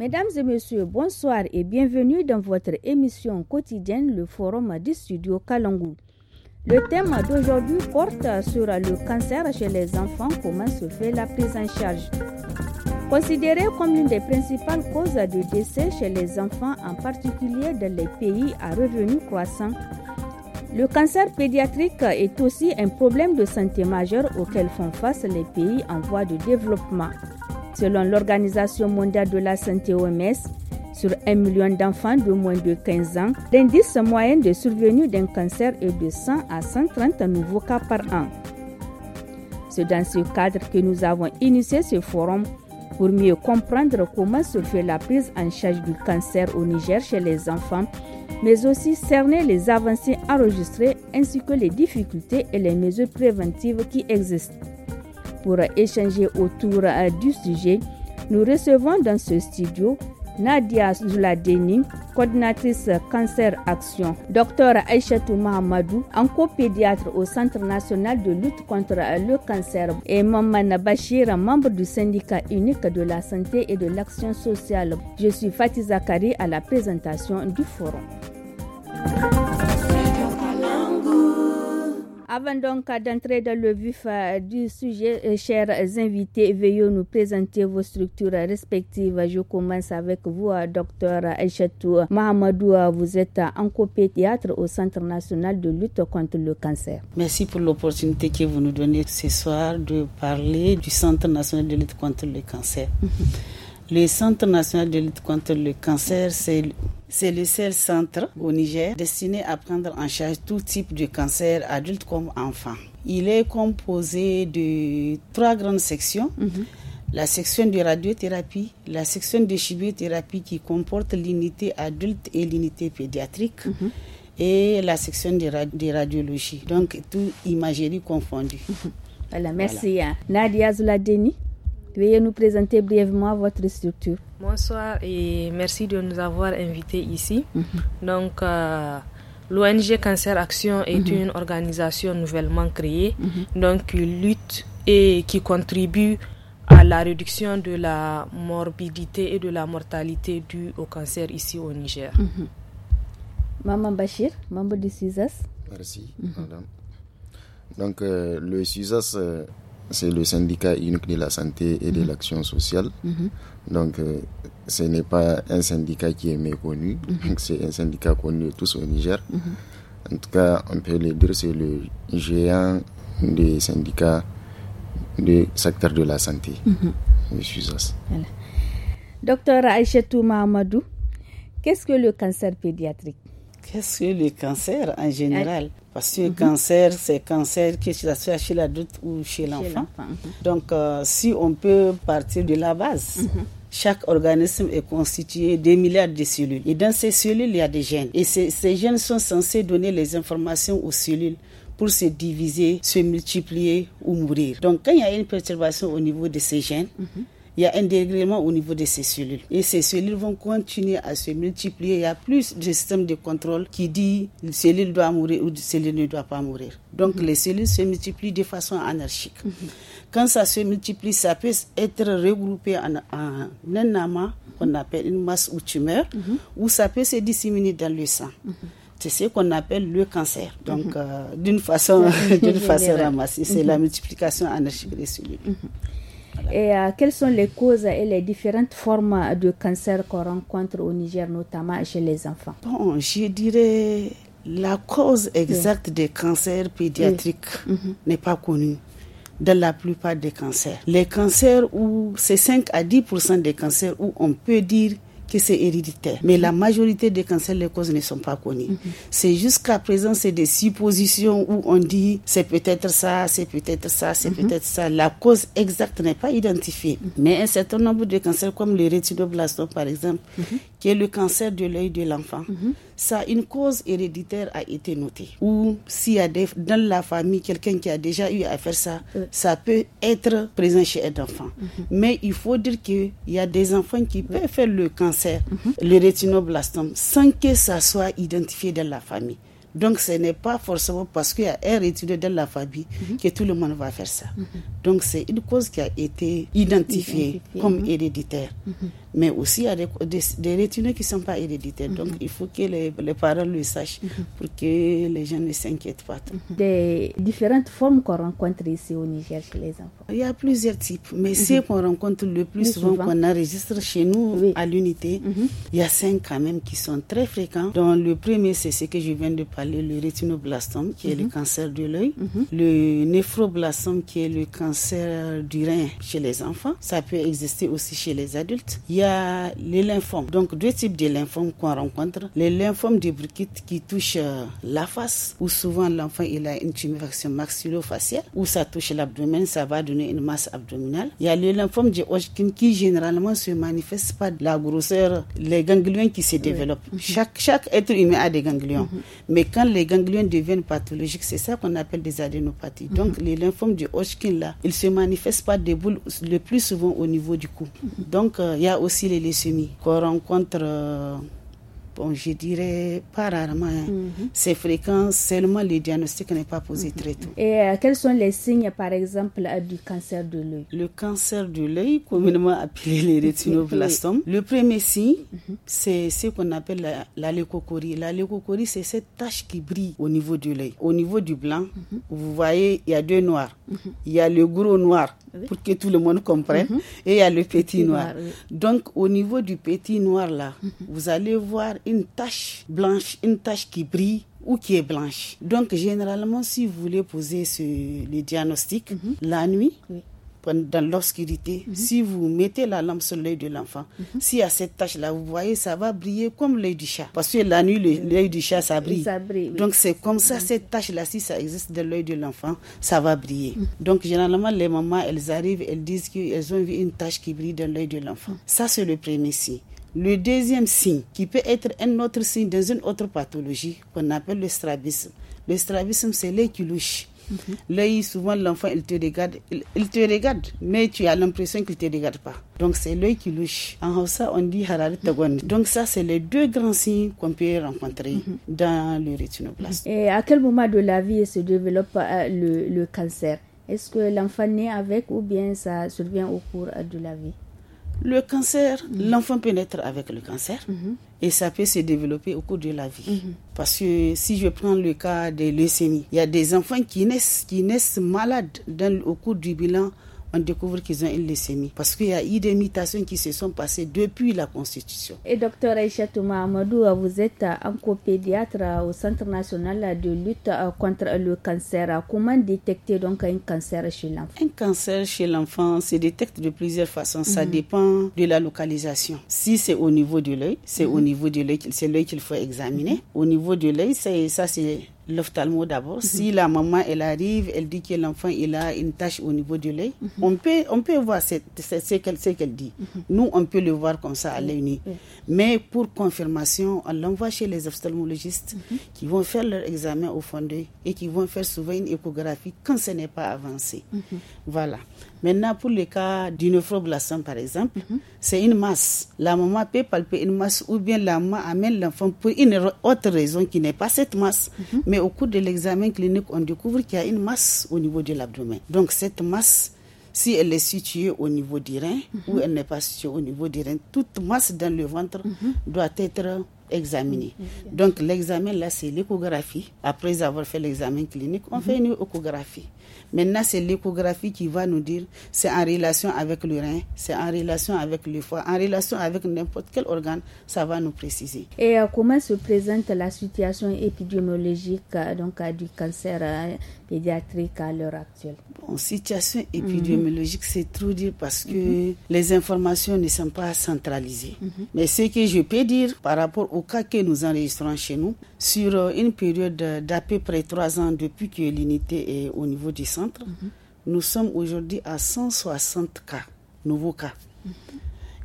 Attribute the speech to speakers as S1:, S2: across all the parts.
S1: Mesdames et messieurs, bonsoir et bienvenue dans votre émission quotidienne Le Forum du Studio Kalangou. Le thème d'aujourd'hui porte sur le cancer chez les enfants, comment se fait la prise en charge. Considéré comme l'une des principales causes de décès chez les enfants, en particulier dans les pays à revenus croissants, le cancer pédiatrique est aussi un problème de santé majeur auquel font face les pays en voie de développement. Selon l'Organisation mondiale de la santé OMS, sur un million d'enfants de moins de 15 ans, l'indice moyen de survenue d'un cancer est de 100 à 130 nouveaux cas par an. C'est dans ce cadre que nous avons initié ce forum pour mieux comprendre comment se fait la prise en charge du cancer au Niger chez les enfants, mais aussi cerner les avancées enregistrées ainsi que les difficultés et les mesures préventives qui existent pour échanger autour euh, du sujet. Nous recevons dans ce studio Nadia Zuladeni, coordinatrice Cancer Action, docteur Aïchatou Mahamadou, pédiatre au Centre national de lutte contre euh, le cancer, et Maman Bachir, membre du syndicat unique de la santé et de l'action sociale. Je suis Fatih Zakari à la présentation du forum. Avant donc d'entrer dans le vif euh, du sujet, euh, chers invités, veuillez nous présenter vos structures respectives. Je commence avec vous, euh, docteur Chatou Mahamadoua. Vous êtes en pédiatre au Centre national de lutte contre le cancer.
S2: Merci pour l'opportunité que vous nous donnez ce soir de parler du Centre national de lutte contre le cancer. Le Centre national de lutte contre le cancer, c'est c'est le seul centre au Niger destiné à prendre en charge tout type de cancer, adulte comme enfant. Il est composé de trois grandes sections. Mhm. La section de radiothérapie, la section de chimiothérapie qui comporte l'unité adulte et l'unité pédiatrique. Mhm. Et la section de, radiologie, donc tout imagerie
S3: confondue. Mhm. Voilà, merci. Hein.
S1: Nadia Zuladeni, Veuillez nous présenter brièvement votre structure.
S3: Bonsoir et merci de nous avoir invités ici. Mhm. Donc, euh, l'ONG Cancer Action est mhm. une organisation nouvellement créée, mhm. donc qui lutte et qui contribue à la réduction de la morbidité et de la mortalité due au cancer ici au Niger.
S1: Maman Bachir, membre du
S4: Merci, madame. Donc, euh, le CISAS. Euh, c'est le syndicat unique de la santé et de mhm. l'action sociale. Mhm. Donc, euh, ce n'est pas un syndicat qui est méconnu, mhm. c'est un syndicat connu tous au Niger. En tout cas, on peut le dire, c'est le géant des syndicats du secteur de la santé. Je suis
S1: Docteur Aïchetou Mahamadou, qu'est-ce que le cancer pédiatrique
S2: Qu'est-ce que le cancer en général eh. Parce que le mhm. cancer, c'est cancer que se soit chez l'adulte ou chez, l'enfant. Mhm. Donc, euh, si on peut partir de la base, mhm. chaque organisme est constitué de milliards de cellules. Et dans ces cellules, il y a des gènes. Et ces, gènes sont censés donner les informations aux cellules pour se diviser, se multiplier ou mourir. Donc, quand il y a une perturbation au niveau de ces gènes, il y a un dérèglement au niveau de ces cellules. Et ces cellules vont continuer à se multiplier. Il y a plus de système de contrôle qui dit une cellule doit mourir ou une cellule ne doit pas mourir. Donc mhm. les cellules se multiplient de façon anarchique. Mhm. Quand ça se multiplie, ça peut être regroupé en, un amas qu'on appelle une masse ou tumeur, mhm. ou ça peut se disséminer dans le sang c'est ce qu'on appelle le cancer. Donc,
S1: euh, d'une façon, d'une façon ramassée, c'est la
S2: multiplication anarchique des cellules.
S1: Et euh, quelles sont les causes et les différentes formes de cancer qu'on rencontre au Niger, notamment chez les enfants
S2: Bon, je dirais la cause exacte des cancers pédiatriques mhm. n'est pas connue dans la plupart des cancers. Les cancers où c'est 5 à 10 des cancers où on peut dire que c'est héréditaire. Mais la majorité des cancers, les causes ne sont pas connues. Mhm. C'est jusqu'à présent, c'est des suppositions où on dit c'est peut-être ça, c'est peut-être ça, c'est mhm. peut-être ça. La cause exacte n'est pas identifiée. Mhm. Mais un certain nombre de cancers, comme le rétinoblastome par exemple, qui est le cancer de l'œil de l'enfant, mhm. ça, une cause héréditaire a été notée. Ou s'il y a dans la famille quelqu'un qui a déjà eu à faire ça, euh. ça peut être présent chez un enfant. Mhm. Mais il faut dire qu'il y a des enfants qui peuvent faire le cancer, mhm. le rétinoblastome, sans que ça soit identifié dans la famille. Donc, ce n'est pas forcément parce qu'il y a un rétinoblastome dans la famille que tout le monde va faire ça. Donc, c'est une cause qui a été identifiée. comme héréditaire mais aussi il des, des, qui ne sont pas héréditaires. Mhm. Donc il faut que les, les parents le sachent mhm. pour que les gens ne s'inquiètent pas.
S1: Mhm. Des différentes formes qu'on rencontre ici au Niger chez les enfants Il y a plusieurs types, mais ceux qu'on rencontre le plus, souvent, qu'on
S2: enregistre chez nous à l'unité, il y a cinq quand même qui sont très fréquents. Dont le premier, c'est ce que je viens de parler, le rétinoblastome, qui est le cancer de l'œil, le néphroblastome, qui est le cancer du rein chez les enfants. Ça peut exister aussi chez les adultes y a les lymphomes. Donc, deux types de lymphomes qu'on rencontre. Les lymphomes de Burkitt qui touchent euh, la face, où souvent l'enfant il a une tuméfaction faciale où ça touche l'abdomen, ça va donner une masse abdominale. Il y a les lymphome de Hodgkin qui généralement se manifeste par la grosseur, les ganglions qui se développent. Mhm. Chaque, chaque être humain a des ganglions. Mhm. Mais quand les ganglions deviennent pathologiques, c'est ça qu'on appelle des adénopathies. Mhm. Donc, les lymphomes de Hodgkin là, ils se manifestent pas des boules le plus souvent au niveau du cou. Donc, euh, il y a aussi si les semis qu'on rencontre euh, Bon, je dirais pas rarement. Hein. Mhm. C'est fréquent, seulement le diagnostic n'est pas posé mhm. très tôt.
S1: Et euh, quels sont les signes, par exemple, euh, du cancer de l'œil
S2: Le cancer de l'œil, communément appelé les rétinoblastomes, le premier signe, mhm. c'est ce qu'on appelle la, leucocorie. La leucocorie, c'est cette tache qui brille au niveau de l'œil. Au niveau du blanc, vous voyez, il y a deux noirs. Il y a le gros noir, pour que tout le monde comprenne, et il y a le petit, noir. Donc, au niveau du petit noir, là, vous allez voir une tache blanche, une tache qui brille ou qui est blanche. Donc généralement, si vous voulez poser ce, le diagnostic mhm. la nuit, oui. dans l'obscurité, mhm. si vous mettez la lampe sur l'œil de l'enfant, mhm. si à cette tache-là, vous voyez, ça va briller comme l'œil du chat. Parce que la nuit, l'œil du chat, ça brille. Donc c'est comme ça, cette tache-là, si ça existe dans l'œil de l'enfant, ça va briller. Donc généralement, les mamans, elles arrivent, elles disent qu'elles ont vu une tache qui brille dans l'œil de l'enfant. Ça, c'est le premier signe. Le deuxième signe, qui peut être un autre signe dans une autre pathologie qu'on appelle le strabisme. Le strabisme, c'est l'œil qui louche. Mhm. L'œil, souvent, l'enfant, il te regarde, il, te regarde, mais tu as l'impression qu'il ne te regarde pas. Donc, c'est l'œil qui louche. En on dit mhm. Donc, ça, c'est les deux grands signes qu'on peut rencontrer mhm. dans le rétinoblast.
S1: Et à quel moment de la vie se développe euh, le cancer Est-ce que l'enfant naît avec ou bien ça survient au cours de la vie
S2: le cancer, l'enfant peut naître avec le cancer mhm. et ça peut se développer au cours de la vie. Mhm. Parce que si je prends le cas des leucémies, il y a des enfants qui naissent, qui naissent malades au cours du bilan on découvre qu'ils ont une leucémie. Parce qu'il y a eu des mutations qui se sont passées depuis la Constitution.
S1: Et docteur Aïchatou Mahamadou, vous êtes copédiatre au Centre national de lutte contre le cancer. Comment détecter donc un cancer chez l'enfant Un
S2: cancer chez l'enfant se détecte de plusieurs façons. Ça mhm. dépend de la localisation. Si c'est au niveau de l'œil, c'est au mhm. niveau de l'œil, c'est l'œil qu'il faut examiner. Mhm. Au niveau de l'œil, ça c'est l'ophtalmo d'abord. Mhm. Si la maman, elle arrive, elle dit que l'enfant, il a une tache au niveau du l'œil, mhm. on, peut, on peut voir ce, qu'elle, qu'elle dit. Mhm. Nous, on peut le voir comme ça à l'œil nu. Mais pour confirmation, on l'envoie chez les ophtalmologistes qui vont faire leur examen au fond d'œil et qui vont faire souvent une échographie quand ce n'est pas avancé. Voilà. Maintenant, pour le cas d'une frobe par exemple, mhm. c'est une masse. La maman peut palper une masse ou bien la maman amène l'enfant pour une autre raison qui n'est pas cette masse. Mhm. Mais au cours de l'examen clinique, on découvre qu'il y a une masse au niveau de l'abdomen. Donc, cette masse, si elle est située au niveau du rein mhm. ou elle n'est pas située au niveau du rein, toute masse dans le ventre doit être examinée. Donc, l'examen, là, c'est l'échographie. Après avoir fait l'examen clinique, on fait une échographie. Maintenant, c'est l'échographie qui va nous dire c'est en relation avec le rein, c'est en relation avec le foie, en relation avec n'importe quel organe, ça va nous préciser.
S1: Et euh, comment se présente la situation épidémiologique euh, donc, euh, du cancer pédiatrique à l'heure actuelle
S2: En situation épidémiologique, c'est trop dur parce que les informations ne sont pas centralisées. Mhm. Mais ce que je peux dire par rapport au cas que nous enregistrons chez nous, sur euh, une période d'à peu près trois ans depuis que l'unité est au niveau du centre, mhm. nous sommes aujourd'hui à 160 cas, nouveaux cas. Mhm.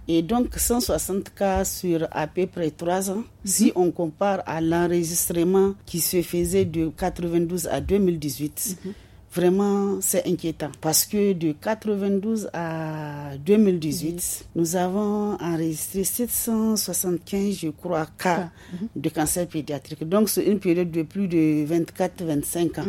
S2: Et donc 160 cas sur à peu près 3 ans, mhm. si on compare à l'enregistrement qui se faisait de 92 à 2018. Mhm. vraiment, c'est inquiétant parce que de 92 à 2018, mhm. nous avons enregistré 775, je crois, cas de cancer pédiatrique. Donc, c'est une période de plus de 24-25 ans.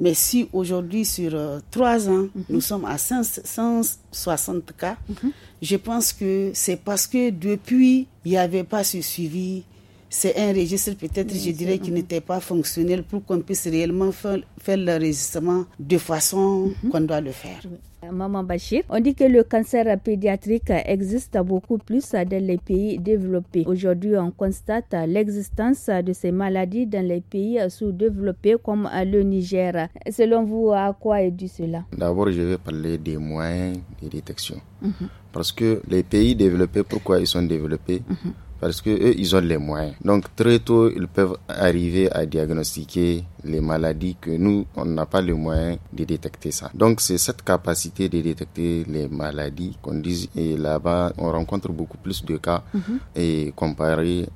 S2: Mais si aujourd'hui, sur euh, trois ans, mhm. nous sommes à 160 cas, mhm. je pense que c'est parce que depuis, il n'y avait pas ce suivi c'est un registre peut-être, je dirais, qui hein. n'était pas fonctionnel pour qu'on puisse réellement faire, le registrement de façon mhm. qu'on doit le faire.
S1: Maman Bachir, on dit que le cancer pédiatrique existe beaucoup plus dans les pays développés. Aujourd'hui, on constate l'existence de ces maladies dans les pays sous-développés comme le Niger. Selon vous, à quoi est dû cela
S4: D'abord, je vais parler des moyens de détection. Mhm. Parce que les pays développés, pourquoi ils sont développés mhm parce que eux, ils ont les moyens. Donc très tôt, ils peuvent arriver à diagnostiquer les maladies que nous, on n'a pas les moyens de détecter ça. Donc c'est cette capacité de détecter les maladies qu'on dit, et là-bas, on rencontre beaucoup plus de cas mhm. et comparé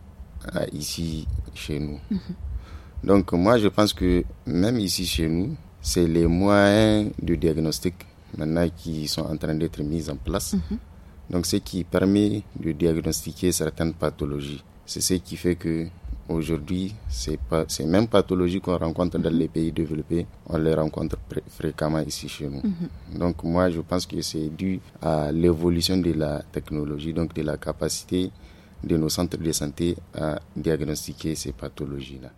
S4: à ici chez nous. Mhm. Donc moi, je pense que même ici chez nous, c'est les moyens de diagnostic maintenant qui sont en train d'être mis en place. Mhm. Donc, ce qui permet de diagnostiquer certaines pathologies. C'est ce qui fait que aujourd'hui, ces, mêmes pathologies qu'on rencontre dans les pays développés, on les rencontre fréquemment ici chez nous. Mhm. Donc, moi, je pense que c'est dû à l'évolution de la technologie, donc de la capacité de nos centres de santé à diagnostiquer ces pathologies-là.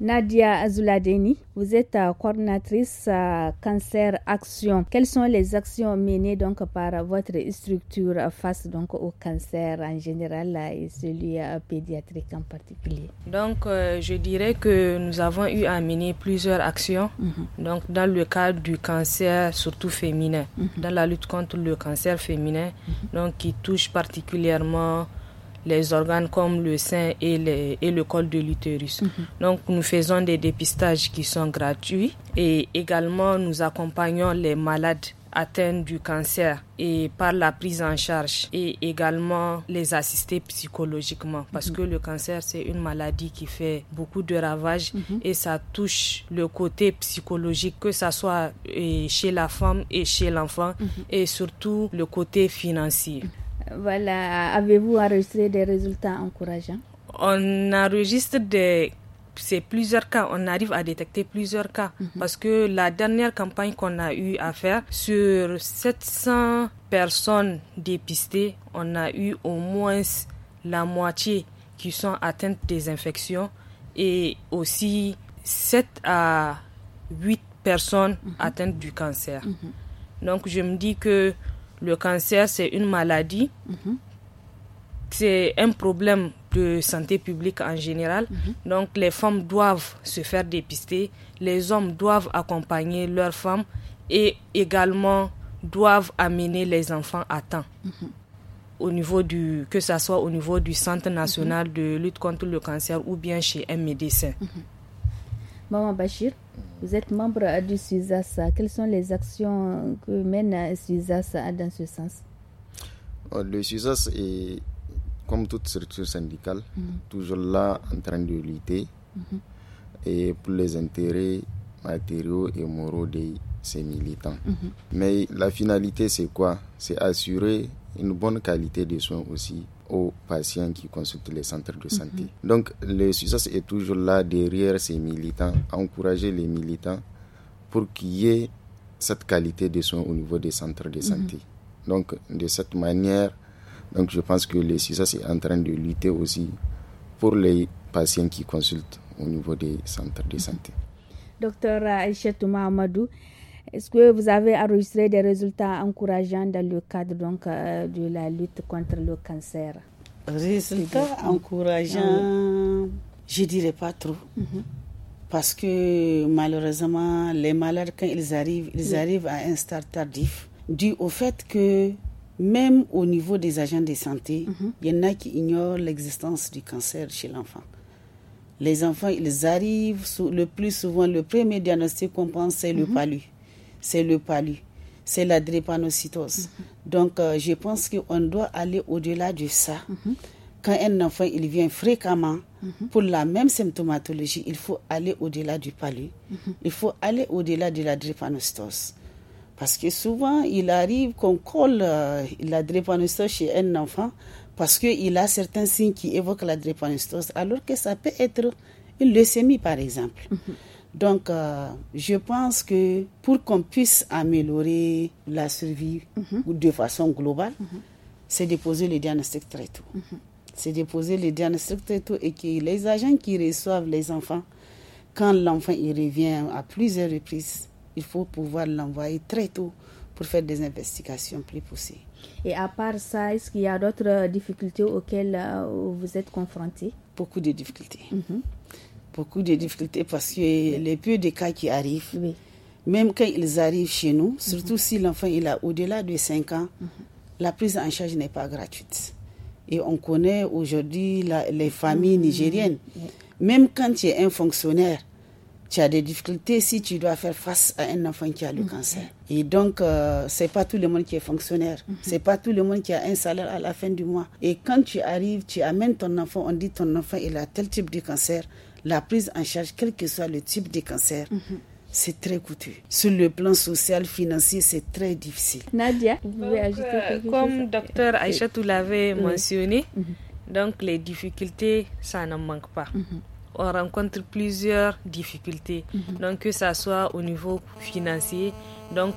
S1: Nadia Azuladeni, vous êtes euh, coordinatrice euh, Cancer Action. Quelles sont les actions menées donc par votre structure face donc au cancer en général euh, et celui pédiatrique en particulier
S3: Donc, je dirais que nous avons eu à mener plusieurs actions mhm. donc dans le cadre du cancer surtout féminin, mhm. dans la lutte contre le cancer féminin, mhm. donc qui touche particulièrement les organes comme le sein et, et le col de l'utérus. Mhm. Donc nous faisons des dépistages qui sont gratuits et également nous accompagnons les malades atteints du cancer et par la prise en charge et également les assister psychologiquement parce mhm. que le cancer c'est une maladie qui fait beaucoup de ravages mhm. et ça touche le côté psychologique que ça soit euh, chez la femme et chez l'enfant et surtout le côté financier.
S1: Voilà. Avez-vous enregistré des résultats encourageants
S3: On enregistre des c'est plusieurs cas, on arrive à détecter plusieurs cas. Mhm. Parce que la dernière campagne qu'on a eu à faire, sur 700 personnes dépistées, on a eu au moins la moitié qui sont atteintes des infections et aussi 7 à 8 personnes mhm. atteintes du cancer. Mhm. Donc je me dis que le cancer, c'est une maladie, mhm. c'est un problème de santé publique en général. Mhm. Donc les femmes doivent se faire dépister, les hommes doivent accompagner leurs femmes et également doivent amener les enfants à temps. Mhm. Au niveau du, que ce soit au niveau du Centre national de lutte contre le cancer ou bien chez un médecin.
S1: Maman Bachir, vous êtes membre du SUSAS. Quelles sont les actions que mène SUSAS dans ce sens
S4: euh, Le SUSAS est, comme toute structure syndicale, mm-hmm. toujours là en train de lutter mm-hmm. et pour les intérêts matériaux et moraux de ses militants. Mm-hmm. Mais la finalité, c'est quoi C'est assurer une bonne qualité de soins aussi aux patients qui consultent les centres de santé. Mhm. Donc le SUSAS est toujours là derrière ces militants, à encourager les militants pour qu'il y ait cette qualité de soins au niveau des centres de mhm. santé. Donc de cette manière, donc je pense que le SUSAS est en train de lutter aussi pour les patients qui consultent au niveau des centres de mhm. santé.
S1: Docteur Aïchetou Mahamadou, est-ce que vous avez enregistré des résultats encourageants dans le cadre donc, euh, de la lutte contre le cancer
S2: Résultats encourageants, ah je ne dirais pas trop. Mhm. Parce que malheureusement, les malades, quand ils arrivent, ils arrivent à un stade tardif, dû au fait que même au niveau des agents de santé, mhm. il y en a qui ignorent l'existence du cancer chez l'enfant. Les enfants, ils arrivent sous, le plus souvent, le premier diagnostic qu'on pense, c'est le mhm. palu c'est le palu, c'est la drépanocytose. Mhm. Donc, euh, je pense qu'on doit aller au-delà de ça. Mhm. Quand un enfant il vient fréquemment mhm. pour la même symptomatologie, il faut aller au-delà du palu, il faut aller au-delà de la drépanocytose. Parce que souvent, il arrive qu'on colle euh, la drépanocytose chez un enfant parce qu'il a certains signes qui évoquent la drépanocytose, alors que ça peut être une leucémie, par exemple. Donc, euh, je pense que pour qu'on puisse améliorer la survie mhm. de façon globale, mhm. c'est déposer poser les diagnostic très tôt. Mhm. C'est déposer poser les diagnostic très tôt et que les agents qui reçoivent les enfants, quand l'enfant revient à plusieurs reprises, il faut pouvoir l'envoyer très tôt pour faire des investigations plus poussées.
S1: Et à part ça, est-ce qu'il y a d'autres difficultés auxquelles euh, vous êtes confrontés Beaucoup de difficultés
S2: beaucoup de difficultés parce que les peu de cas qui arrivent, même quand ils arrivent chez nous, surtout mhm. si l'enfant il au-delà de 5 ans, mhm. la prise en charge n'est pas gratuite. Et on connaît aujourd'hui les familles mhm. nigériennes. Même quand tu es un fonctionnaire, tu as des difficultés si tu dois faire face à un enfant qui a le cancer. Et donc, ce euh, c'est pas tout le monde qui est fonctionnaire. C'est pas tout le monde qui a un salaire à la fin du mois. Et quand tu arrives, tu amènes ton enfant, on dit ton enfant, il a tel type de cancer la prise en charge, quel que soit le type de cancer, mhm. c'est très coûteux. Sur le plan social, financier, c'est très difficile.
S1: Nadia, vous pouvez ajouter euh, Comme docteur Aïcha l'avait
S3: mentionné, mhm. donc les difficultés, ça n'en manque pas. Mhm. On rencontre plusieurs difficultés, donc que ça soit au niveau financier, donc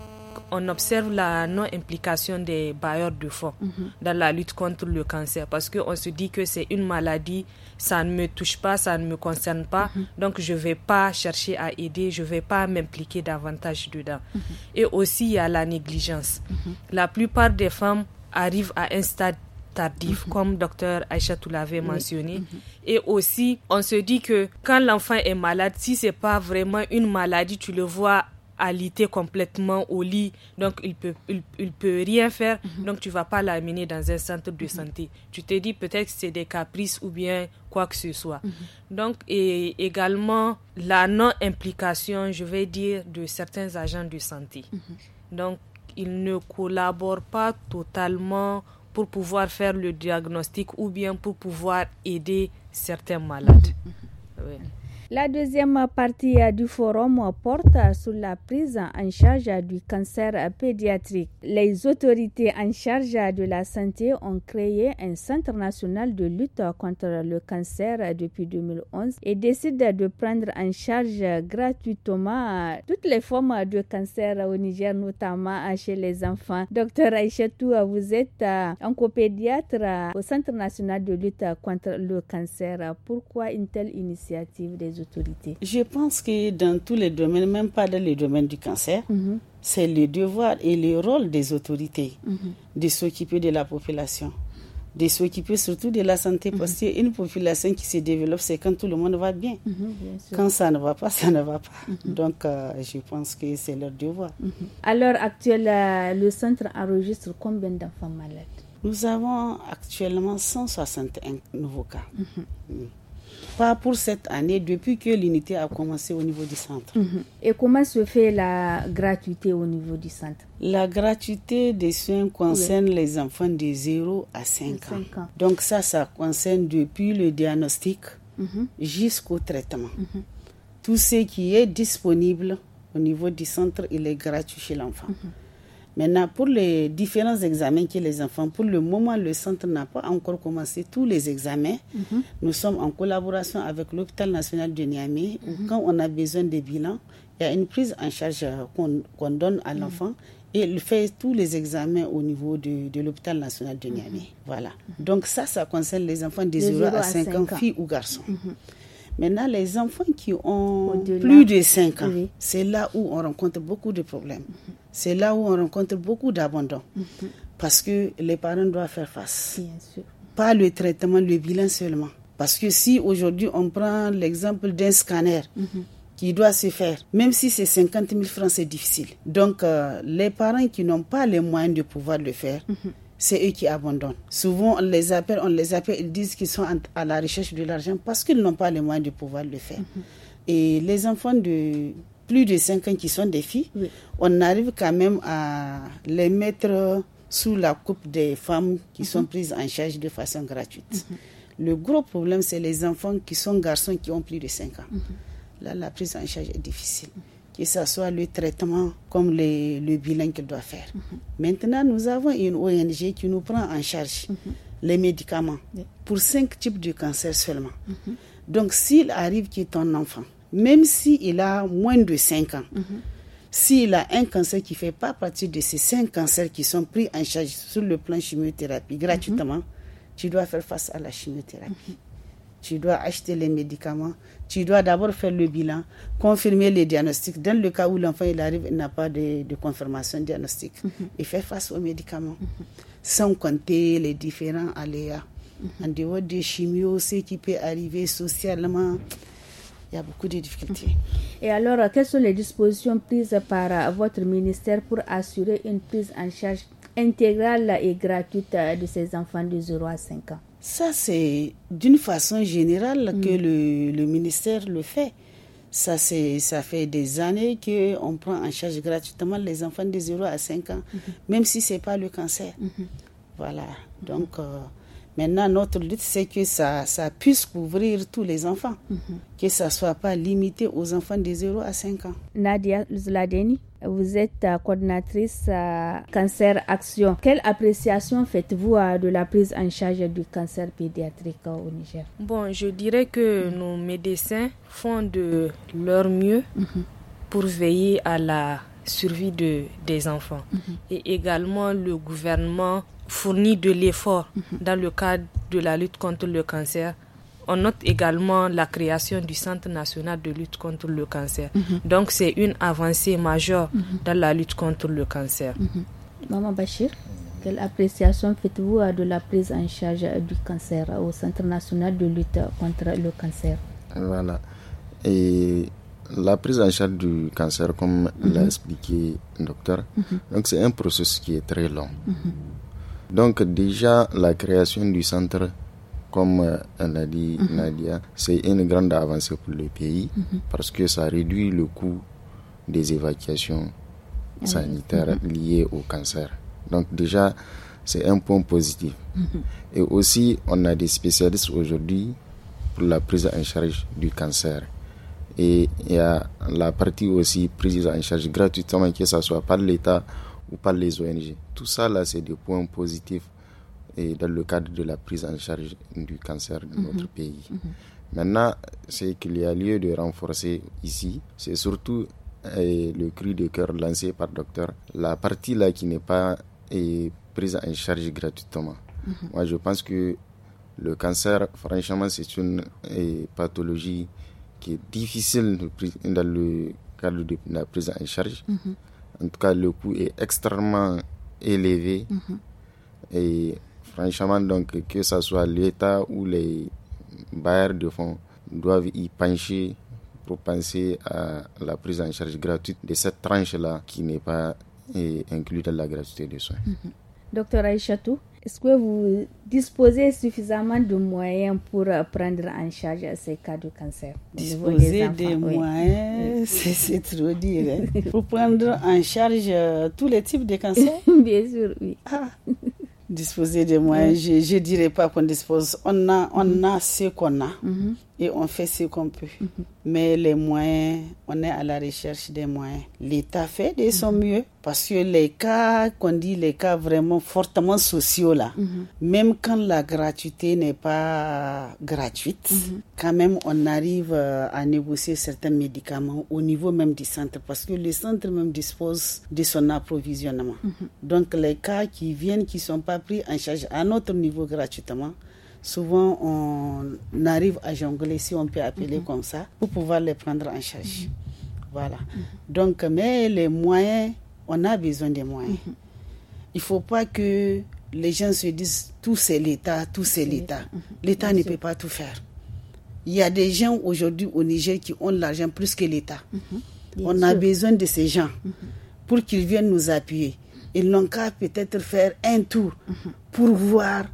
S3: on observe la non-implication des bailleurs de fonds mhm. dans la lutte contre le cancer parce qu'on se dit que c'est une maladie, ça ne me touche pas, ça ne me concerne pas, mhm. donc je ne vais pas chercher à aider, je ne vais pas m'impliquer davantage dedans. Mhm. Et aussi, il y a la négligence. La plupart des femmes arrivent à un stade tardif, comme docteur Aïcha l'avait mentionné. Et aussi, on se dit que quand l'enfant est malade, si c'est pas vraiment une maladie, tu le vois alité complètement au lit, donc il peut, il, peut rien faire, mhm. donc tu vas pas l'amener dans un centre de mhm. santé. Tu te dis peut-être que c'est des caprices ou bien quoi que ce soit. Mhm. Donc et également la non-implication, je vais dire, de certains agents de santé. Donc ils ne collaborent pas totalement pour pouvoir faire le diagnostic ou bien pour pouvoir aider certains malades. Oui.
S1: La deuxième partie euh, du forum porte sur la prise en charge du cancer pédiatrique. Les autorités en charge de la santé ont créé un centre national de lutte contre le cancer depuis 2011 et décident de prendre en charge gratuitement euh, toutes les formes de cancer au Niger, notamment euh, chez les enfants. Docteur Aïchatou, vous êtes oncopédiatre au Centre national de lutte contre le cancer. Pourquoi une telle initiative des
S2: je pense que dans tous les domaines, même pas dans le domaine du cancer, mhm. c'est le devoir et le rôle des autorités mhm. de s'occuper de la population de s'occuper surtout de la santé, mhm. parce Une population qui se développe, c'est quand tout le monde va bien. quand ça ne va pas, ça ne va pas. Donc, euh, je pense que c'est leur devoir.
S1: À l'heure actuelle, euh, le centre enregistre combien d'enfants malades Nous avons
S2: actuellement 161 nouveaux cas. Pas pour cette année, depuis que l'unité a commencé au niveau du centre.
S1: Mhm. Et comment se fait la gratuité au niveau du centre
S2: La gratuité des soins concerne les enfants de 0 à 5 ans. Donc ça, ça concerne depuis le diagnostic mhm. jusqu'au traitement. Mhm. Tout ce qui est disponible au niveau du centre, il est gratuit chez l'enfant. Maintenant, pour les différents examens que les enfants, pour le moment, le centre n'a pas encore commencé tous les examens. Mhm. Nous sommes en collaboration avec l'hôpital national de Niamey. Mhm. Quand on a besoin des bilans, il y a une prise en charge qu'on donne à mhm. l'enfant. Et il fait tous les examens au niveau de, l'hôpital national de Niamey. Voilà. Donc ça, ça concerne les enfants des 0 à 5 ans, filles ou garçons. Maintenant, les enfants qui ont plus de 5 ans, c'est là où on rencontre beaucoup de problèmes. C'est là où on rencontre beaucoup d'abandon. Parce que les parents doivent faire face. Bien sûr. Pas le traitement, le bilan seulement. Parce que si aujourd'hui on prend l'exemple d'un scanner, mhm qui doit se faire. Même si c'est 50 000 francs, c'est difficile. Donc, euh, les parents qui n'ont pas les moyens de pouvoir le faire, mhm. c'est eux qui abandonnent. Souvent, on les appelle, on les appelle, ils disent qu'ils sont à la recherche de l'argent parce qu'ils n'ont pas les moyens de pouvoir le faire. Mhm. Et les enfants de plus de 5 ans qui sont des filles, on arrive quand même à les mettre sous la coupe des femmes qui sont mhm. prises en charge de façon gratuite. Le gros problème, c'est les enfants qui sont garçons qui ont plus de 5 ans là, la prise en charge est difficile. Que ce soit le traitement comme le bilan qu'il doit faire. Mhm. Maintenant, nous avons une ONG qui nous prend en charge mhm. les médicaments pour cinq types de cancers seulement. Mhm. Donc, s'il arrive que ton enfant, même s'il a moins de cinq ans, s'il a un cancer qui ne fait pas partie de ces cinq cancers qui sont pris en charge sur le plan chimiothérapie gratuitement, tu dois faire face à la chimiothérapie tu dois acheter les médicaments, tu dois d'abord faire le bilan, confirmer les diagnostics. Dans le cas où l'enfant il arrive, il n'a pas de, confirmation diagnostique, mhm. il fait face aux médicaments, mhm. sans compter les différents aléas. Mhm. En dehors des chimio, ce qui peut arriver socialement,
S1: il y a beaucoup de difficultés. Et alors, quelles sont les dispositions prises par votre ministère pour assurer une prise en charge intégrale et gratuite de ces enfants de 0 à 5 ans
S2: ça, c'est d'une façon générale que mm. le, ministère le fait. Ça, ça fait des années qu'on prend en charge gratuitement les enfants de 0 à 5 ans, mm-hmm. même si ce n'est pas le cancer. Mm-hmm. Voilà. Donc, euh, maintenant, notre lutte, c'est que ça, ça puisse couvrir tous les enfants, mm-hmm. que ça ne
S1: soit pas limité aux enfants de 0 à 5 ans. Nadia Zladeni vous êtes euh, coordinatrice euh, Cancer Action. Quelle appréciation faites-vous euh, de la prise en charge du cancer pédiatrique au Niger
S3: Bon, je dirais que nos médecins font de leur mieux mhm. pour veiller à la survie de, des enfants. Mhm. Et également, le gouvernement fournit de l'effort mhm. dans le cadre de la lutte contre le cancer on note également la création du Centre national de lutte contre le cancer. Mhm. Donc c'est une avancée majeure mhm. dans la lutte contre le cancer.
S1: Mhm. Maman Bachir quelle appréciation faites-vous de la prise en charge du cancer au Centre national de lutte contre le cancer
S3: Voilà.
S4: Et la prise en charge du cancer, comme l'a expliqué le docteur, donc c'est un processus qui est très long. Donc déjà, la création du centre comme l'a euh, dit mhm. Nadia, c'est une grande avancée pour le pays mhm. parce que ça réduit le coût des évacuations sanitaires mhm. liées au cancer. Donc déjà, c'est un point positif. Et aussi, on a des spécialistes aujourd'hui pour la prise en charge du cancer. Et il y a la partie aussi prise en charge gratuitement, que ce soit par l'État ou par les ONG. Tout ça, là, c'est des points positifs et dans le cadre de la prise en charge du cancer de notre mhm. pays. Mhm. Maintenant, ce qu'il y a lieu de renforcer ici, c'est surtout eh, le cri de cœur lancé par le docteur, la partie là qui n'est pas eh, prise en charge gratuitement. Mhm. Moi, je pense que le cancer, franchement, c'est une eh, pathologie qui est difficile de, dans le cadre de la prise en charge. En tout cas, le coût est extrêmement élevé. Et Franchement, donc, que ce soit l'État ou les bailleurs de fonds doivent y pencher pour penser à la prise en charge gratuite de cette tranche-là qui n'est pas eh, inclue dans la gratuité des soins.
S1: Mhm. Docteur Aïchatou, est-ce que vous disposez suffisamment de moyens pour euh, prendre en charge ces cas de cancer Disposer des, moyens, c'est
S2: trop dire. Hein. pour prendre en charge euh, tous les types de cancers Bien sûr, oui. Ah, disposer de moyens. Je ne dirais pas qu'on dispose. On a, on a ce qu'on a. Mm-hmm et on fait ce qu'on peut. Mhm. Mais les moyens, on est à la recherche des moyens. L'État fait de son mhm. mieux parce que les cas qu'on dit, les cas vraiment fortement sociaux là, mhm. même quand la gratuité n'est pas gratuite, quand même on arrive euh, à négocier certains médicaments au niveau même du centre parce que le centre même dispose de son approvisionnement. Donc les cas qui viennent, qui ne sont pas pris en charge à notre niveau gratuitement, souvent on arrive à jongler, si on peut appeler mhm. comme ça, pour pouvoir les prendre en charge. Mhm. Voilà. Mhm. Donc, mais les moyens, on a besoin des moyens. Il ne faut pas que les gens se disent tout c'est l'État, tout c'est l'État. L'État ne peut pas tout faire. Il y a des gens aujourd'hui au Niger qui ont l'argent plus que l'État. On a besoin de ces gens pour qu'ils viennent nous appuyer. Ils n'ont qu'à peut-être faire un tour pour voir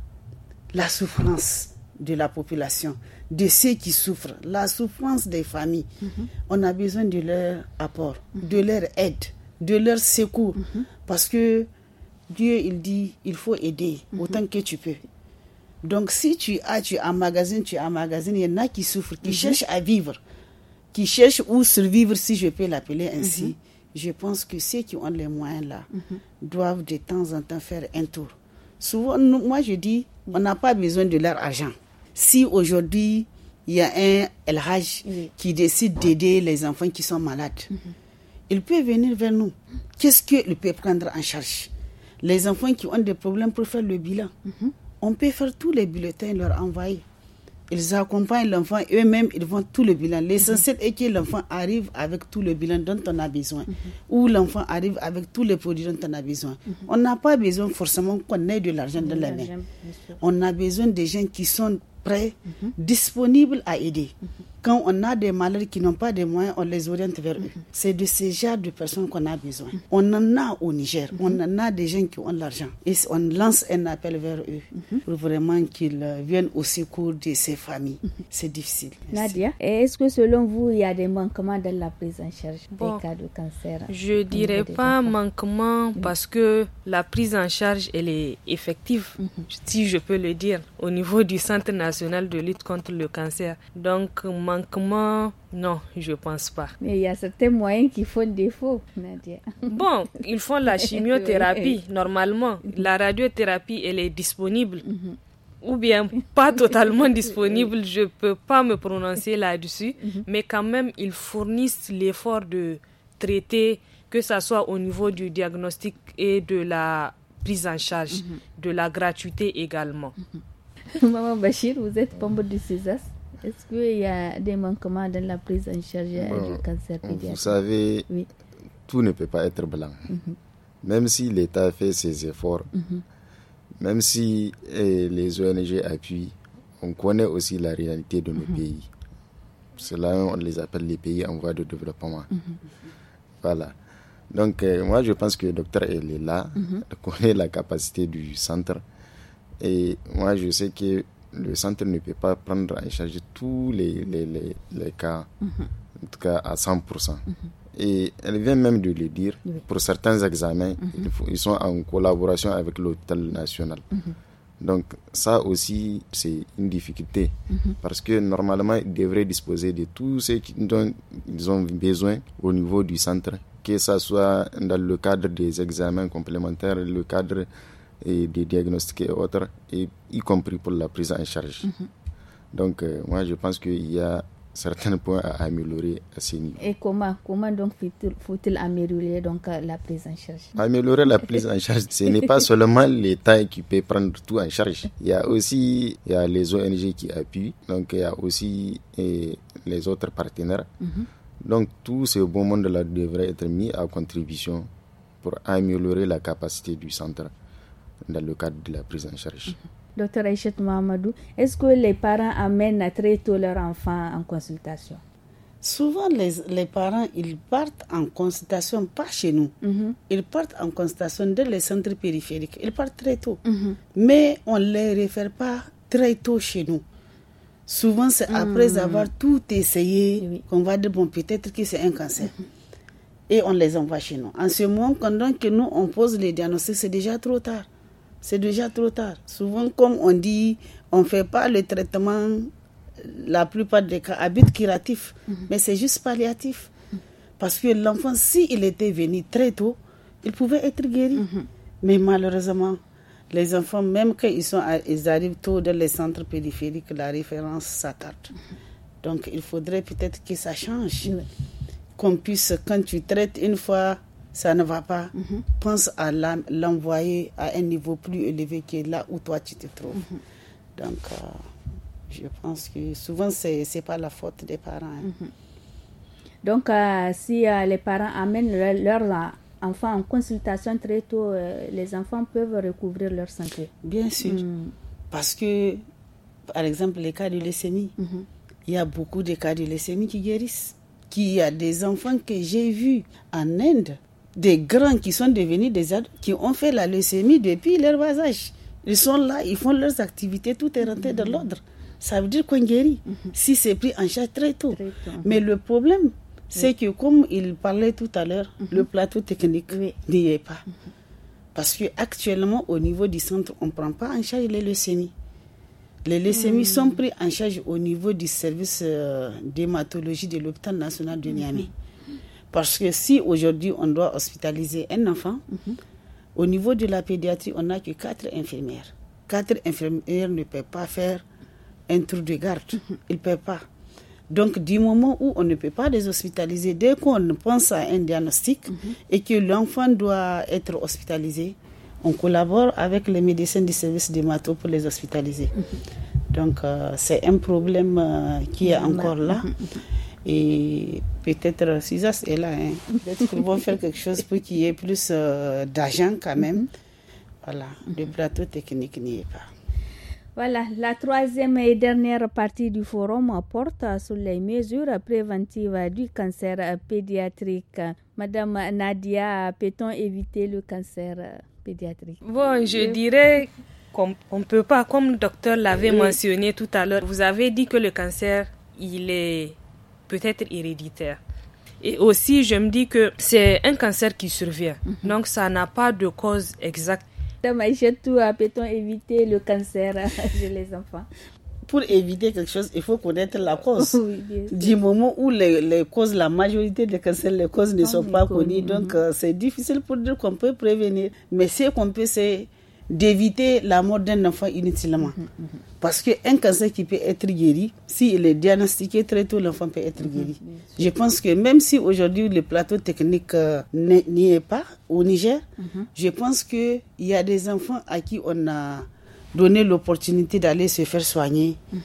S2: la souffrance de la population, de ceux qui souffrent, la souffrance des familles. Mhm. On a besoin de leur apport, mhm. de leur aide, de leur secours. Mhm. Parce que Dieu, il dit, il faut aider autant que tu peux. Donc si tu as, tu magasin, tu magasin. il y en a qui souffrent, qui cherchent à vivre, qui cherchent où survivre, si je peux l'appeler ainsi. Je pense que ceux qui ont les moyens là doivent de temps en temps faire un tour. Souvent, moi je dis, on n'a pas besoin de leur argent. Si aujourd'hui, il y a un LH qui décide d'aider les enfants qui sont malades, mhm. il peut venir vers nous. Qu'est-ce qu'il peut prendre en charge Les enfants qui ont des problèmes pour faire le bilan, mhm. on peut faire tous les bulletins et leur envoyer ils accompagnent l'enfant, eux-mêmes, ils vont tout le bilan. L'essentiel est que l'enfant arrive avec tout le bilan dont on a besoin, mhm. ou l'enfant arrive avec tous les produits dont on a besoin. Mhm. On n'a pas besoin forcément qu'on ait de l'argent dans la main. On a besoin des gens qui sont prêts, mhm. disponibles à aider. Quand on a des malades qui n'ont pas de moyens, on les oriente vers eux. C'est de ces genres de personnes qu'on a besoin. On en a au Niger, mhm. on en a des gens qui ont l'argent. Et on lance un appel vers eux mhm. pour vraiment qu'ils euh, viennent au secours de ces familles. Mhm. C'est difficile.
S1: Nadia, est-ce que selon vous, il y a des manquements dans la prise en charge des cas de cancer Je ne dirais pas manquement
S3: parce que la prise en charge, elle est effective, si je peux le dire, au niveau du Centre national de lutte contre le cancer. Donc, non, je pense pas.
S1: Mais il y a certains moyens qui font défaut, Nadia. Bon,
S3: ils font la chimiothérapie, normalement. La radiothérapie, elle est disponible. Mhm. ou bien pas totalement disponible, je ne peux pas me prononcer là-dessus, mhm. mais quand même, ils fournissent l'effort de traiter, que ce soit au niveau du diagnostic et de la prise en charge, mhm. de la gratuité également.
S1: Maman Bachir, vous êtes pompe du est-ce qu'il y a des manquements dans la prise en charge du cancer pédiatrique Vous
S4: savez, tout ne peut pas être blanc. Mhm. Même si l'État fait ses efforts, mhm. même si eh, les ONG appuient, on connaît aussi la réalité de nos mhm. pays. Cela, on les appelle les pays en voie de développement. Voilà. Donc, eh, moi, je pense que le docteur, elle est là, connaît la capacité du centre. Et moi, je sais que le centre ne peut pas prendre en charge tous les, les, les, cas, mhm. en tout cas à 100%. Mhm. Et elle vient même de le dire, pour certains examens, mhm. ils, ils, sont en collaboration avec l'hôpital national. Donc ça aussi, c'est une difficulté, parce que normalement, ils devraient disposer de tout ce dont ils ont besoin au niveau du centre, que ce soit dans le cadre des examens complémentaires, le cadre et des diagnostics et autres, et y compris pour la prise en charge. Mhm. Donc, euh, moi, je pense qu'il y a certains points à améliorer à ce niveau.
S1: Et comment, comment donc faut-il améliorer donc euh, la prise en charge
S4: Améliorer la prise en charge, ce n'est pas seulement l'État qui peut prendre tout en charge. Il y a aussi il y a les ONG qui appuient, donc il y a aussi les autres partenaires. Mhm. Donc tout ce bon monde-là devrait être mis à contribution pour améliorer la capacité du centre dans le cadre de la prise en charge. Mhm.
S1: Docteur Aïchet Mahamadou, est-ce que les parents amènent très tôt leurs enfants en consultation
S2: Souvent, les, les, parents, ils partent en consultation, pas chez nous. Mhm. Ils partent en consultation dans les centres périphériques. Ils partent très tôt. Mhm. Mais on ne les réfère pas très tôt chez nous. Souvent, c'est après avoir tout essayé qu'on va dire, bon, peut-être que c'est un cancer. Et on les envoie chez nous. En ce moment, quand que nous, on pose les diagnostics, c'est déjà trop tard c'est déjà trop tard. Souvent, comme on dit, on ne fait pas le traitement, la plupart des cas, à but curatif, mhm. mais c'est juste palliatif. Parce que l'enfant, s'il était venu très tôt, il pouvait être guéri. Mhm. Mais malheureusement, les enfants, même quand ils, sont, ils arrivent tôt dans les centres périphériques, la référence s'attarde. Donc, il faudrait peut-être que ça change. Qu'on puisse, quand tu traites une fois ça ne va pas, mhm. pense à l'envoyer à un niveau plus élevé que là où toi tu te trouves. Mhm. Donc, euh, je pense que souvent, ce n'est pas la faute des parents. Hein. Mhm.
S1: Donc, euh, si euh, les parents amènent leur leurs enfants en consultation très tôt, les enfants peuvent recouvrir leur santé. Bien sûr.
S2: Parce que, par exemple, les cas de leucémie, il y a beaucoup de cas de leucémie qui guérissent. Qui y a des enfants que j'ai vus en Inde des grands qui sont devenus des adultes, qui ont fait la leucémie depuis leur bas Ils sont là, ils font leurs activités, tout est rentré dans l'ordre. Ça veut dire qu'on guérit, mhm. si c'est pris en charge très tôt. Mais le problème, c'est que comme il parlait tout à l'heure, mhm. le plateau technique n'y est pas. Mhm. Parce que actuellement au niveau du centre, on ne prend pas en charge les leucémies. Les leucémies sont pris en charge au niveau du service euh, d'hématologie de l'hôpital national de Niamey. Parce que si aujourd'hui on doit hospitaliser un enfant, mhm. au niveau de la pédiatrie, on n'a que quatre infirmières. Quatre infirmières ne peuvent pas faire un trou de garde. Mhm. Ils ne peuvent pas. Donc, du moment où on ne peut pas les hospitaliser, dès qu'on pense à un diagnostic mhm. et que l'enfant doit être hospitalisé, on collabore avec les médecins du service des matos pour les hospitaliser. Donc, euh, c'est un problème euh, qui est encore là. Et peut-être ça c'est là. Hein, peut-être qu'ils vont faire quelque chose pour qu'il y ait plus euh, d'argent quand même. Voilà, le plateau technique n'y est pas.
S1: Voilà, la troisième et dernière partie du forum porte sur les mesures préventives du cancer pédiatrique. Madame Nadia, peut-on éviter le cancer
S3: pédiatrique Bon, je dirais qu'on ne peut pas, comme le docteur l'avait mentionné tout à l'heure, vous avez dit que le cancer, il est être héréditaire. Et aussi, je me dis que c'est un cancer qui survient. Mhm. Donc, ça n'a pas de cause exacte.
S1: Dans ma tout, euh, peut-on éviter le cancer chez les enfants
S2: pour éviter quelque chose, il faut connaître la cause. du moment où les, causes, la majorité des cancers, les causes ne sont pas connues, donc euh, c'est difficile pour dire qu'on peut prévenir. Mais ce qu'on peut, c'est d'éviter la mort d'un enfant inutilement. Mhm, mhm, parce qu'un cancer qui peut être guéri, s'il est diagnostiqué très tôt, l'enfant peut être mhm. guéri. Je pense que même si aujourd'hui le plateau technique euh, n'y est pas au Niger, mhm. je pense qu'il y a des enfants à qui on a donné l'opportunité d'aller se faire soigner mhm.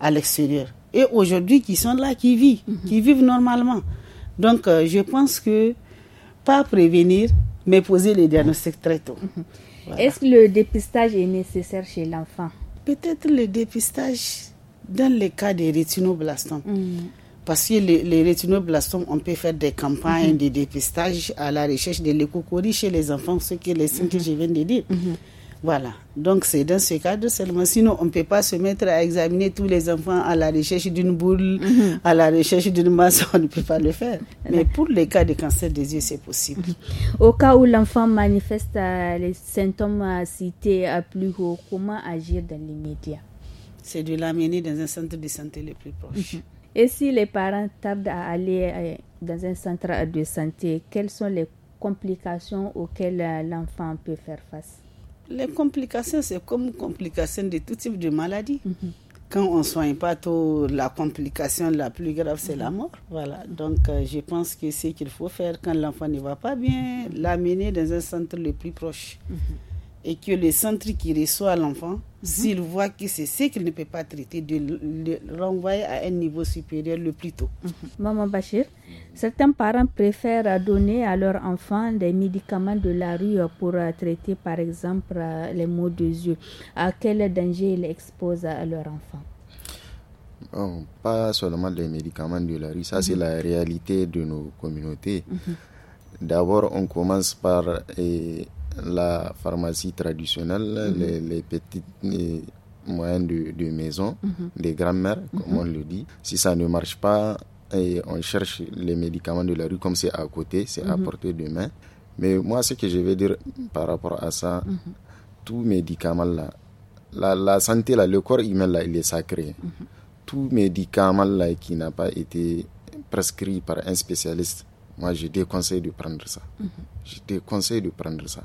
S2: à l'extérieur. Et aujourd'hui, qui sont là, qui vivent, qui vivent normalement. Donc, euh, je pense que pas prévenir, mais poser les diagnostics très tôt.
S1: Est-ce que le dépistage est nécessaire chez l'enfant peut-être le dépistage
S2: dans le cas des rétinoblastomes. Mm. Parce que les, rétinoblastomes, on peut faire des campagnes mm-hmm. de dépistage à la recherche de l'écocorie chez les enfants, ce que les que je viens de dire. Mm-hmm. Voilà. Donc, c'est dans ce cadre seulement. Sinon, on ne peut pas se mettre à examiner tous les enfants à la recherche d'une boule, mhm. à la recherche d'une masse. On ne peut pas le faire. Mais pour les cas de cancer des yeux, c'est possible. Mhm.
S1: Au cas où l'enfant manifeste euh, les symptômes euh, cités à euh, plus haut, comment agir dans l'immédiat
S2: C'est de l'amener dans un centre de santé le plus proche. Mhm.
S1: Et si les parents tardent à aller dans un centre de santé, quelles sont les complications auxquelles l'enfant peut faire face
S2: les complications, c'est comme complications de tout type de maladie. Mhm. Quand on ne soigne pas tôt, la complication la plus grave, c'est la mort. Voilà. Donc, euh, je pense que c'est ce qu'il faut faire quand l'enfant ne va pas bien, l'amener dans un centre le plus proche. Mhm et que le centre qui reçoit l'enfant, mhm. s'il voit que c'est ce qu'il ne peut pas traiter, de le renvoyer à un niveau supérieur le plus tôt. Mhm.
S1: Maman Bachir, certains parents préfèrent donner à leur enfants des médicaments de la rue pour euh, traiter par exemple euh, les maux de yeux. À quel danger ils exposent à leurs
S4: enfants Pas seulement des médicaments de la rue, ça c'est mhm. la réalité de nos communautés. D'abord, on commence par... Eh, la pharmacie traditionnelle, mhm. les, les, petites moyens de, maison, les mhm. grands-mères, comme mhm. on le dit. Si ça ne marche pas, on cherche les médicaments de la rue comme c'est à côté, c'est à portée de main. Mais moi, ce que je veux dire par rapport à ça, tout médicament là, la, santé là, le corps humain là, il est sacré. Tout médicament là qui n'a pas été prescrit par un spécialiste, moi, je déconseille de prendre ça. Je Je déconseille de prendre ça.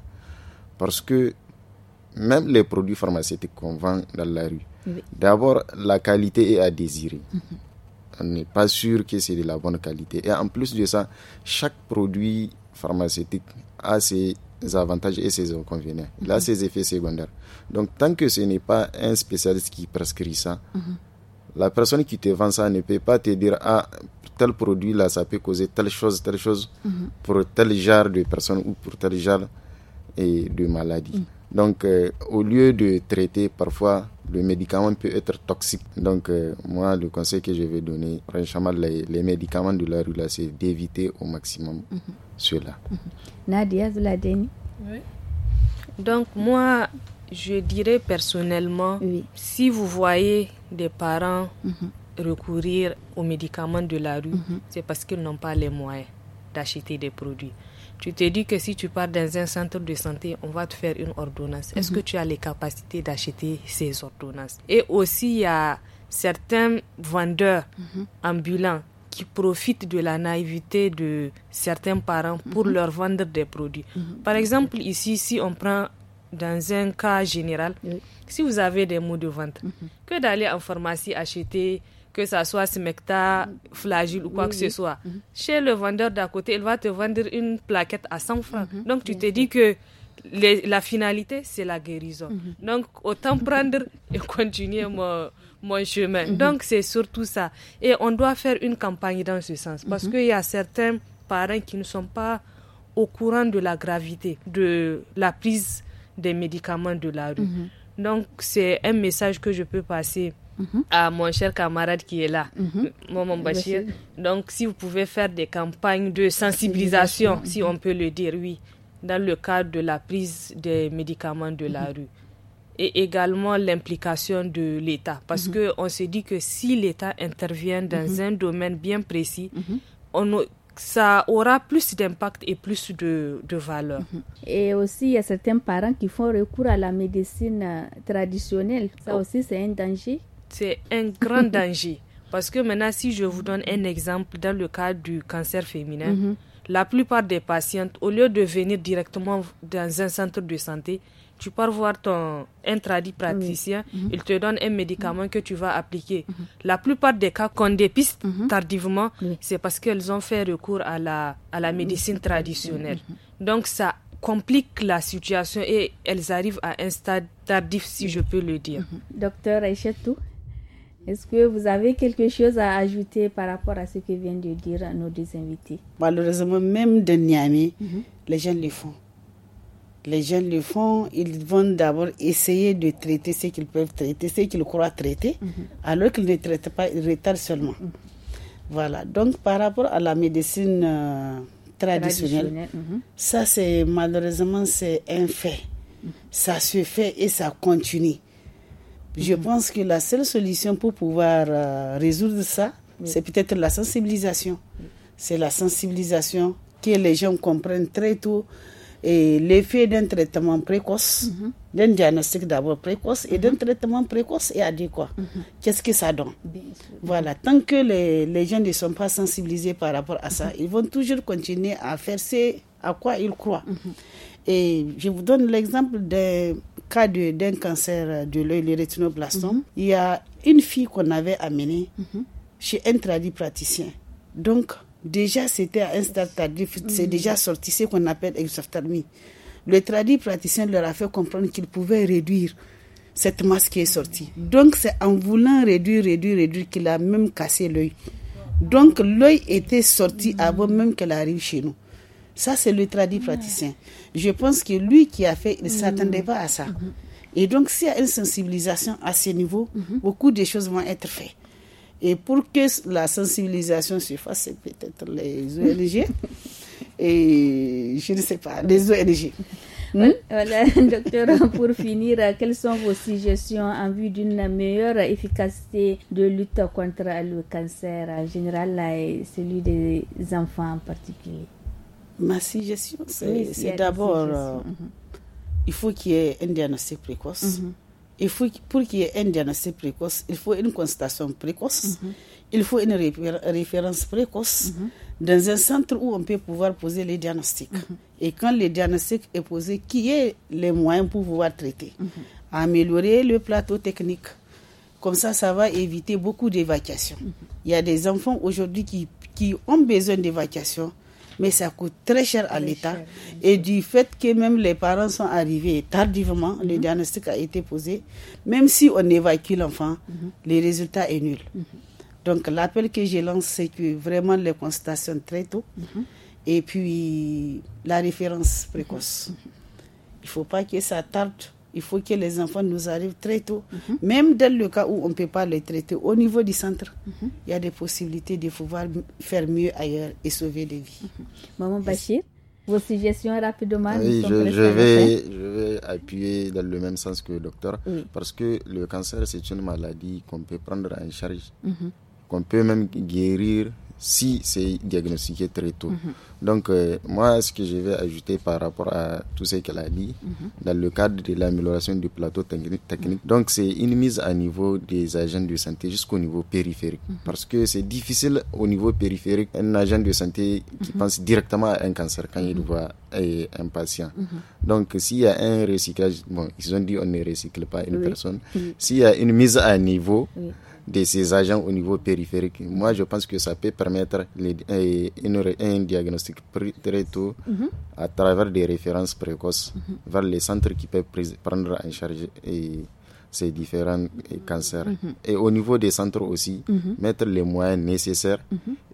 S4: Parce que même les produits pharmaceutiques qu'on vend dans la rue, d'abord, la qualité est à désirer. Mhm. On n'est pas sûr que c'est de la bonne qualité. Et en plus de ça, chaque produit pharmaceutique a ses avantages et ses inconvénients. Il a mhm. ses effets secondaires. Donc, tant que ce n'est pas un spécialiste qui prescrit ça, mhm. la personne qui te vend ça ne peut pas te dire Ah, tel produit là, ça peut causer telle chose, telle chose pour tel genre de personnes ou pour tel genre et de maladies. Donc, euh, au lieu de traiter parfois le médicament peut être toxique. Donc, euh, moi, le conseil que je vais donner, les, les médicaments de la rue, c'est d'éviter au maximum mhm. cela.
S1: Mhm.
S3: Donc, moi, je dirais personnellement, si vous voyez des parents mhm. recourir aux médicaments de la rue, c'est parce qu'ils n'ont pas les moyens d'acheter des produits. Tu te dis que si tu pars dans un centre de santé, on va te faire une ordonnance. Est-ce que mhm. tu as les capacités d'acheter ces ordonnances Et aussi, il y a certains vendeurs mhm. ambulants qui profitent de la naïveté de certains parents pour mhm. leur vendre des produits. Par exemple, ici, si on prend dans un cas général, si vous avez des mots de vente, que d'aller en pharmacie acheter que ça soit Smecta, Flagile ou quoi que ce soit. Mhm. Chez le vendeur d'à côté, il va te vendre une plaquette à 100 francs. Mhm. Donc tu te dis que la finalité, c'est la guérison. Mhm. Donc autant prendre et continuer mon, mon chemin. Donc c'est surtout ça. Et on doit faire une campagne dans ce sens parce qu'il y a certains parents qui ne sont pas au courant de la gravité de la prise des médicaments de la rue. Donc c'est un message que je peux passer Mhm. à mon cher camarade qui est là, mhm. mon Bachir. Donc, si vous pouvez faire des campagnes de sensibilisation, si on peut le dire, oui, dans le cadre de la prise des médicaments de la mhm. rue et également l'implication de l'État. Parce que on qu'on se dit que si l'État intervient dans un domaine bien précis, on, ça aura plus d'impact et plus de, de, valeur.
S1: Et aussi, il y a certains parents qui font recours à la médecine euh, traditionnelle. Ça oh. aussi, c'est un danger
S3: c'est un grand danger. Parce que maintenant, si je vous donne un exemple dans le cas du cancer féminin, mhm. la plupart des patientes, au lieu de venir directement dans un centre de santé, tu pars voir ton un praticien, mhm. il te donne un médicament mhm. que tu vas appliquer. La plupart des cas qu'on dépiste tardivement, c'est parce qu'elles ont fait recours à la, à la médecine traditionnelle. Donc ça complique la situation et elles arrivent à un stade tardif, si je peux le dire.
S1: Docteur Aichetou, est-ce que vous avez quelque chose à ajouter par rapport à ce que vient de dire nos deux invités
S2: Malheureusement, même de Niamey, mhm. les jeunes le font. Les jeunes le font, ils vont d'abord essayer de traiter ce qu'ils peuvent traiter, ce qu'ils croient traiter, mhm. alors qu'ils ne traitent pas, ils retardent seulement. Mhm. Voilà, donc par rapport à la médecine euh, traditionnelle, traditionnelle ça c'est malheureusement c'est un fait. Ça se fait et ça continue. Je pense que la seule solution pour pouvoir euh, résoudre ça, c'est peut-être la sensibilisation. C'est la sensibilisation que les gens comprennent très tôt et l'effet d'un traitement précoce, mhm. d'un diagnostic d'abord précoce et d'un mhm. traitement précoce et adéquat. Mhm. Qu'est-ce que ça donne Voilà, tant que les, les, gens ne sont pas sensibilisés par rapport à ça, ils vont toujours continuer à faire ce à quoi ils croient. Et je vous donne l'exemple de cas d'un cancer de l'œil, le rétinoblastome, mhm. il y a une fille qu'on avait amenée mhm. chez un tradit praticien. Donc, déjà, c'était à un stade tardif, mhm. c'est déjà sorti ce qu'on appelle exophthalmie. Le tradit praticien leur a fait comprendre qu'ils pouvaient réduire cette masse qui est sortie. Donc, c'est en voulant réduire, réduire, réduire qu'il a même cassé l'œil. Donc, l'œil était sorti avant même qu'elle arrive chez nous. Ça, c'est le tradit praticien. Je pense que lui qui a fait, il ne mm. s'attendait pas à ça. Mm-hmm. Et donc, s'il y a une sensibilisation à ce niveau, mm-hmm. beaucoup de choses vont être faites. Et pour que la sensibilisation se fasse, c'est peut-être les ONG. Et je ne sais pas, les ONG.
S1: Hmm? Voilà, docteur, pour finir, quelles sont vos suggestions en vue d'une meilleure efficacité de lutte contre le cancer en général et celui des enfants en particulier Ma suggestion, c'est d'abord,
S2: euh, mhm. il faut qu'il y ait un diagnostic précoce. Mhm. il faut, pour qu'il y ait un diagnostic précoce, il faut une constatation précoce. Mhm. Il faut une référence précoce dans un centre où on peut pouvoir poser les diagnostics. Et quand le diagnostic est posé, qui est les moyens pour pouvoir traiter Améliorer le plateau technique. Comme ça, ça va éviter beaucoup d'évacuations. Il y a des enfants aujourd'hui qui, qui ont besoin d'évacuation mais ça coûte très cher à l'État. Et du fait que même les parents sont arrivés tardivement, le mhm. diagnostic a été posé, même si on évacue l'enfant, mhm. le résultat est nul. Mhm. Donc l'appel que je lance, c'est que vraiment les constatations très tôt et puis la référence précoce. Il ne faut pas que ça tarde il faut que les enfants nous arrivent très tôt. Mhm. Même dans le cas où on ne peut pas les traiter, au niveau du centre, mhm. il y a des possibilités de pouvoir faire mieux
S1: ailleurs et sauver des vies. Mhm. Maman Bachir, vos suggestions rapidement je, vais,
S4: je, vais, appuyer dans le même sens que le docteur, parce que le cancer, c'est une maladie qu'on peut prendre en charge, qu'on peut même guérir si c'est diagnostiqué très tôt. Mhm. Donc, euh, moi, ce que je vais ajouter par rapport à tout ce qu'elle a dit, mhm. dans le cadre de l'amélioration du plateau technique, donc c'est une mise à niveau des agents de santé jusqu'au niveau périphérique. Mhm. Parce que c'est difficile au niveau périphérique, un agent de santé qui pense directement à un cancer quand il voit euh, un patient. Donc, s'il y a un recyclage, bon, ils ont dit on ne recycle pas une personne, s'il y a une mise à niveau, de ces agents au niveau périphérique. Moi, je pense que ça peut permettre euh, un diagnostic très tôt mhm. à travers des références précoces mhm. vers les centres qui peuvent prendre en charge euh, ces différents euh, cancers. Mhm. Et au niveau des centres aussi, mettre les moyens nécessaires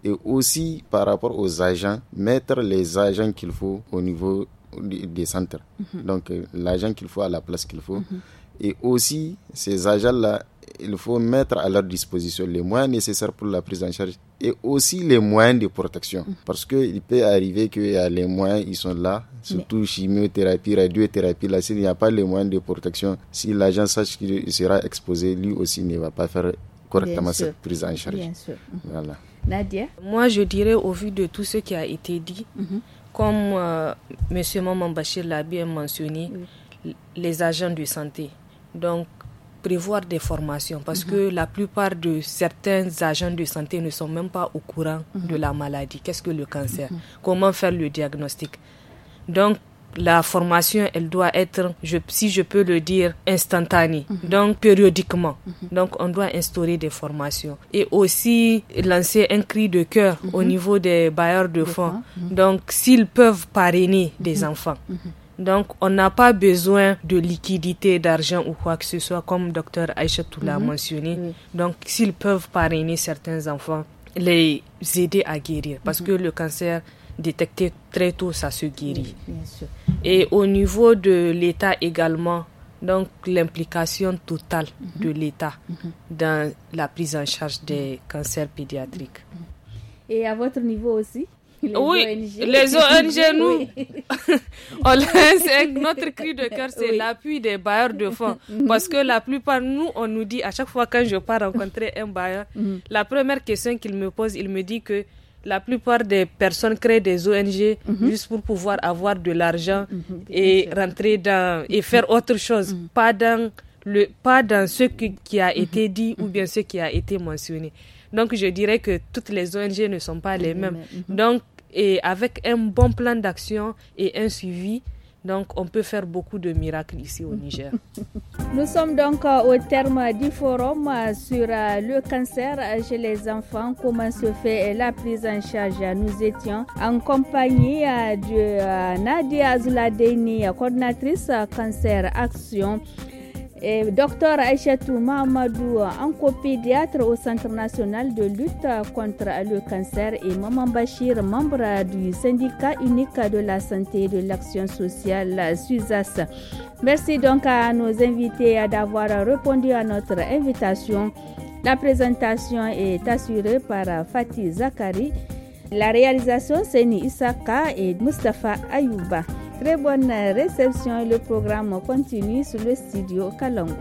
S4: et aussi par rapport aux agents, mettre les agents qu'il faut au niveau des centres. Donc l'agent qu'il faut à la place qu'il faut. Et aussi, ces agents-là, il faut mettre à leur disposition les moyens nécessaires pour la prise en charge et aussi les moyens de protection. Parce qu'il peut arriver qu'il y a ah, les moyens, ils sont là, surtout chimiothérapie, radiothérapie. Là, s'il n'y a pas les moyens de protection, si l'agent sache qu'il sera exposé, lui aussi ne va pas faire correctement cette prise en charge. Bien sûr. Mhm. Voilà.
S3: Nadia Moi, je dirais, au vu de tout ce qui a été dit, mhm. comme monsieur M. Maman Bachir l'a bien mentionné, les agents de santé. Donc, prévoir des formations parce mhm. que la plupart de certains agents de santé ne sont même pas au courant mhm. de la maladie. Qu'est-ce que le cancer mhm. Comment faire le diagnostic Donc, la formation, elle doit être, je, si je peux le dire, instantanée, donc périodiquement. Donc on doit instaurer des formations et aussi lancer un cri de cœur au niveau des bailleurs de, de fonds. Donc s'ils peuvent parrainer des enfants. Donc, on n'a pas besoin de liquidité, d'argent ou quoi que ce soit, comme docteur Aïcha l'a mhm. mentionné. Donc, s'ils peuvent parrainer certains enfants, les aider à guérir. Parce mhm. que le cancer détecté très tôt, ça se guérit. Et au niveau de l'État également, donc l'implication totale mhm. de l'État dans la prise en charge des cancers pédiatriques.
S1: Et à votre niveau aussi oui, les ONG, nous,
S3: notre cri de cœur, c'est l'appui des bailleurs de fonds. Mhm. Parce que la plupart, nous, on nous dit, à chaque fois quand je pars rencontrer un bailleur, mhm. la première question qu'il me pose, il me dit que la plupart des personnes créent des ONG mhm. juste pour pouvoir avoir de l'argent et rentrer dans, et faire autre chose, pas dans le, pas dans ce qui a été dit ou bien ce qui a été mentionné. Donc, je dirais que toutes les ONG ne sont pas les mhm, mêmes. Mhm. Donc, et avec un bon plan d'action et un suivi, donc on peut faire beaucoup de miracles ici au Niger.
S1: Nous sommes donc euh, au terme du forum euh, sur euh, le cancer chez les enfants, comment se fait la prise en charge. Nous étions en compagnie de Nadia Zuladeni, coordinatrice Cancer Action. Et Dr Aïchatou Mahamadou, oncopédiatre au Centre national de lutte contre le cancer, et Maman Bachir, membre du syndicat unique de la santé et de l'action sociale, SUSAS. Merci donc à nos invités d'avoir répondu à notre invitation. La présentation est assurée par Fatih Zakari. La réalisation, c'est Isaka et Mustafa Ayouba. Très bonne réception et le programme continue sur le studio Kalongo.